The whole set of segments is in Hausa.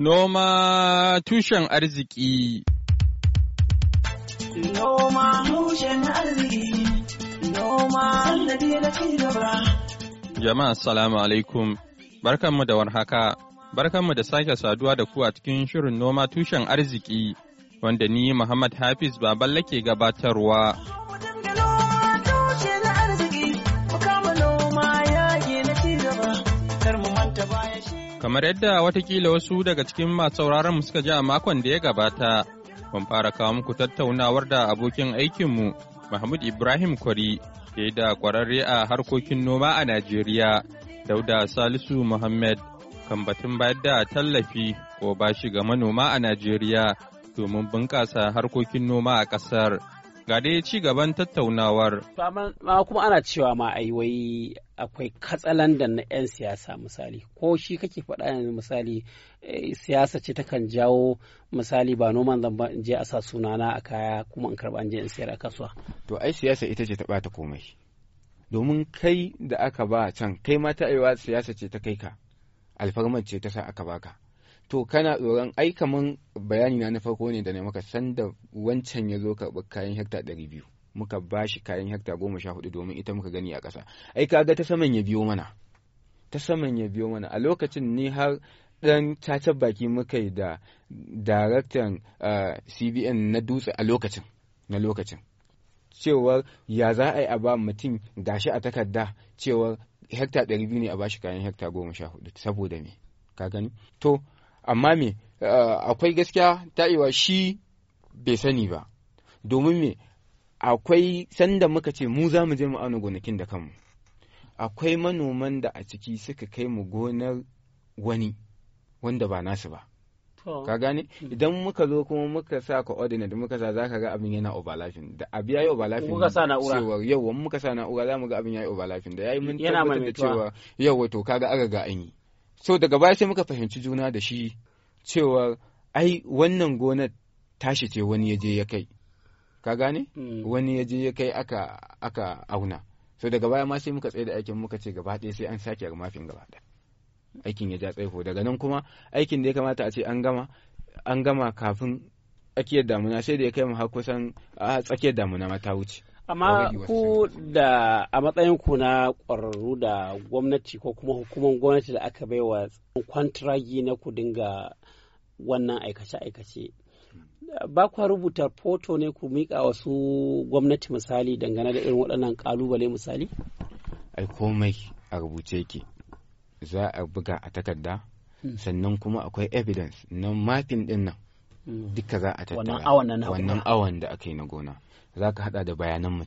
Noma tushen arziki. Noma tushen arziki. Noma na ci gaba. Jama'a salamu alaikum. Barkanmu da warhaka. Barkanmu da sake saduwa da ku a cikin shirin noma tushen arziki wanda ni Muhammad Hafiz Baballe ke gabatarwa. Kamar yadda watakila wasu daga cikin masu sauraron mu suka ji a makon da ya gabata, mun fara kawo muku tattaunawar da abokin aikinmu Mahmud Ibrahim Kwari ke da kwararre a harkokin noma a Najeriya, Dauda Salisu Muhammad kan batun bayar da tallafi ko bashi ga manoma a Najeriya domin bunƙasa harkokin noma a ƙasar. Ga dai ci gaban tattaunawar. kuma ana cewa ma ai wai akwai da na 'yan siyasa misali ko shi kake faɗa yanzu misali eh, siyasa ce takan jawo misali ba noman zamba in je a sa sunana a kaya kuma in karɓa in je in siyar a kasuwa. To ai siyasa ita ce ta ɓata komai. Domin kai da aka ba can kai ma ta siyasa ce ta kai ka alfarmar ce ta sa aka baka. to kana tsoron aika mun bayani na na farko ne da na maka da wancan ya zo karɓi kayan hekta ɗari biyu muka ba shi kayan hekta goma sha hudu domin ita muka gani a ƙasa ai kaga ta saman ya biyo mana ta saman ya biyo mana a lokacin ne har ɗan cacar baki muka yi da daraktan ah, cbn na dutse a lokacin na lokacin cewar ya za a yi a ba mutum gashi a takarda cewar hekta ɗari biyu ne a ba shi kayan hekta goma sha hudu saboda me ka gani to amma me eh, akwai gaskiya ta'iwa shi bai sani ba domin me akwai sanda muka ce mu za mu je mu auna gonakin da kanmu akwai manoman da a ciki suka kai mu gonar wani wanda ba nasu ba ka gane idan muka zo kuma muka sa coordinate muka sa za ka ga abin yana overlapping da abu yayi overlapping muka sa na'ura cewa wa muka sa na'ura za mu ga abin yayi overlapping da yayi mun tabbatar da cewa yau to kaga aga ga an yi so daga baya sai muka fahimci juna da shi cewa ai wannan gonar tashi ce wani ya je ya kai ka gane mm. wani ya je ya kai aka aka auna so daga baya ma sai muka tsaye da aikin muka ce gaba ɗaya sai an sake mafin gaba ɗaya aikin ya ja tsaiko daga nan kuma aikin da ya kamata a ce an gama an gama kafin tsakiyar damuna sai da ya kai mu har kusan a tsakiyar damuna ma ta wuce amma ku da a matsayin ku na ƙwararru da gwamnati ko kuma hukumar gwamnati da aka bai wa kwantiragi na ku dinga wannan aikace-aikace ba kwa rubuta foto ne ku miƙa wasu gwamnati misali dangane da irin waɗannan ƙalubale misali ai komai a rubuce ke za a buga a takarda hmm. sannan kuma akwai evidence na mafin ɗinnan. duka za a tattara wannan awan da aka yi na gona za ka hada da bayanan mu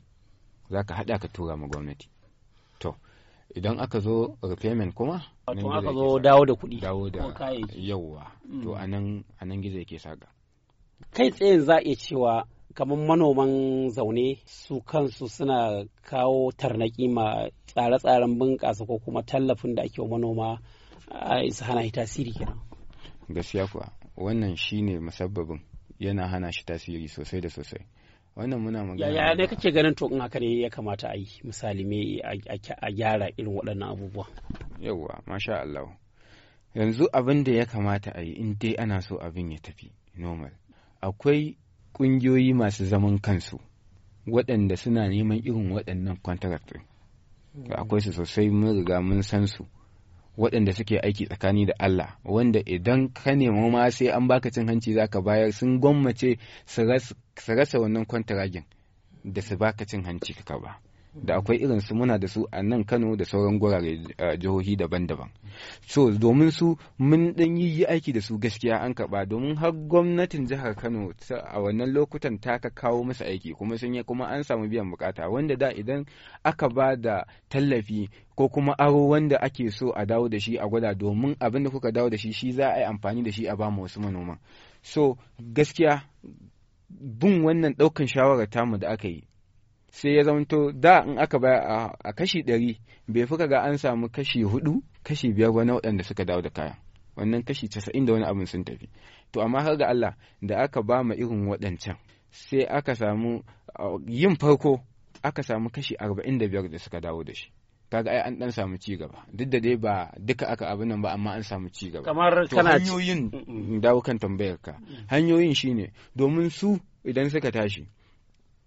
za ka hada ka tura ma gwamnati to idan aka zo repayment kuma wato aka zo dawo da kuɗi dawo da yawwa to mm. anan anan gizo yake saka kai tsayin za a iya cewa kamar manoman zaune su kansu suna kawo tarnaki ma tsare-tsaren bunƙasa ko kuma tallafin da ake wa manoma a isa hana tasiri kenan gaskiya kuwa wannan shine musabbabin yana hana shi tasiri sosai da sosai wannan muna magana ya ne kake ganin to in haka ne ya kamata a yi misali me a gyara irin waɗannan abubuwa yawwa masha Allah yanzu abin da ya kamata a yi in dai ana so abin ya tafi normal akwai ƙungiyoyi masu zaman kansu waɗanda suna neman irin waɗannan contract akwai su sosai mun riga mun san su waɗanda suke aiki tsakani da Allah wanda idan ka nemo ma sai an baka cin hanci za ka bayar sun gwammace su rasa wannan kwantaragin da su baka cin hanci ka ba. da akwai irin su muna da su a nan Kano da sauran gurare jihohi daban-daban so domin su mun dan yi aiki da su gaskiya an kaba. domin har gwamnatin jihar Kano a wannan lokutan ta ka kawo masa aiki kuma sun yi kuma an samu biyan bukata wanda da idan aka ba da tallafi ko kuma aro wanda ake so a dawo da shi a gwada domin abin da kuka dawo da shi shi za a yi amfani da shi a ba wasu manoman so gaskiya bin wannan ɗaukan shawarar tamu da aka yi sai ya zamanto da in aka bayar a kashi ɗari bai fi ga an samu kashi hudu kashi biyar wani waɗanda suka dawo da kayan wannan kashi casa'in da wani abin sun tafi to amma har ga Allah da aka ba ma irin waɗancan sai aka samu yin farko aka samu kashi arba'in da biyar da suka dawo da shi kaga ai an dan samu ci gaba duk da dai ba duka aka abin nan ba amma an samu ci gaba kamar kana hanyoyin dawo kan tambayar ka hanyoyin shine domin su idan suka tashi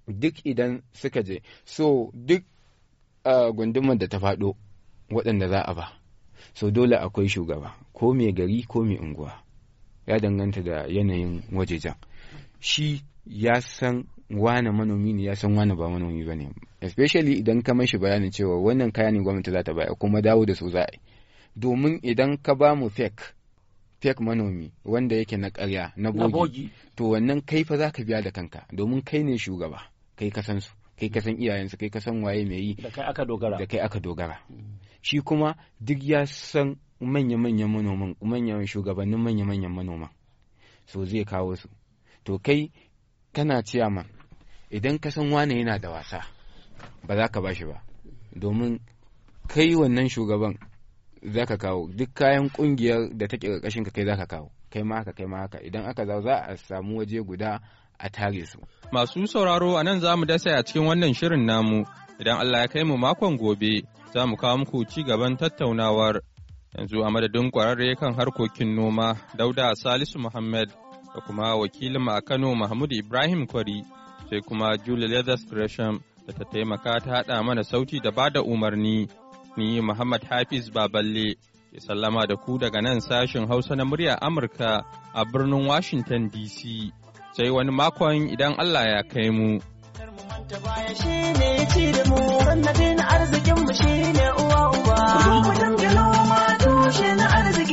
duk idan suka je so duk gundumar da ta faɗo waɗanda za a ba so dole akwai shugaba ko mai gari ko mai unguwa ya danganta da yanayin wajejen shi ya san wane manomi ne ya san wane ba manomi ba ne especially idan ka mashi bayanin cewa wannan kaya ne gwamnati za ta baya kuma dawo da su za a domin idan ka ba mu fake fake manomi wanda yake na karya na bogi to wannan kai fa za ka biya da kanka domin kai ne shugaba kai ka san su kai ka san iyayensu kai ka san waye mai yi da kai aka dogara da kai aka dogara mm. shi kuma duk ya san manya-manyan manoman manyan shugabannin manya-manyan manoman so zai kawo su to kai kana ma idan ka san wane yana da wasa ba za ka bashi ba domin kai wannan shugaban za ka kawo duk kayan kungiyar da take ƙarƙashin ka kai za ka kawo kai ma haka kai ma haka idan aka za a samu waje guda a tare su. Masu sauraro a nan za mu dasa a cikin wannan shirin namu idan Allah ya kai mu makon gobe za mu kawo muku ci gaban tattaunawar yanzu a madadin kwararre kan harkokin noma dauda salisu muhammad da kuma wakilin a kano mahmud ibrahim kwari sai kuma julia leathers gresham da ta taimaka ta haɗa mana sauti da bada umarni ni muhammad hafiz baballe ke sallama da ku daga nan sashin hausa na murya amurka a birnin washington dc sai wani makon idan Allah ya kai mu. arzikin mu shine uwa uba. ma na arziki.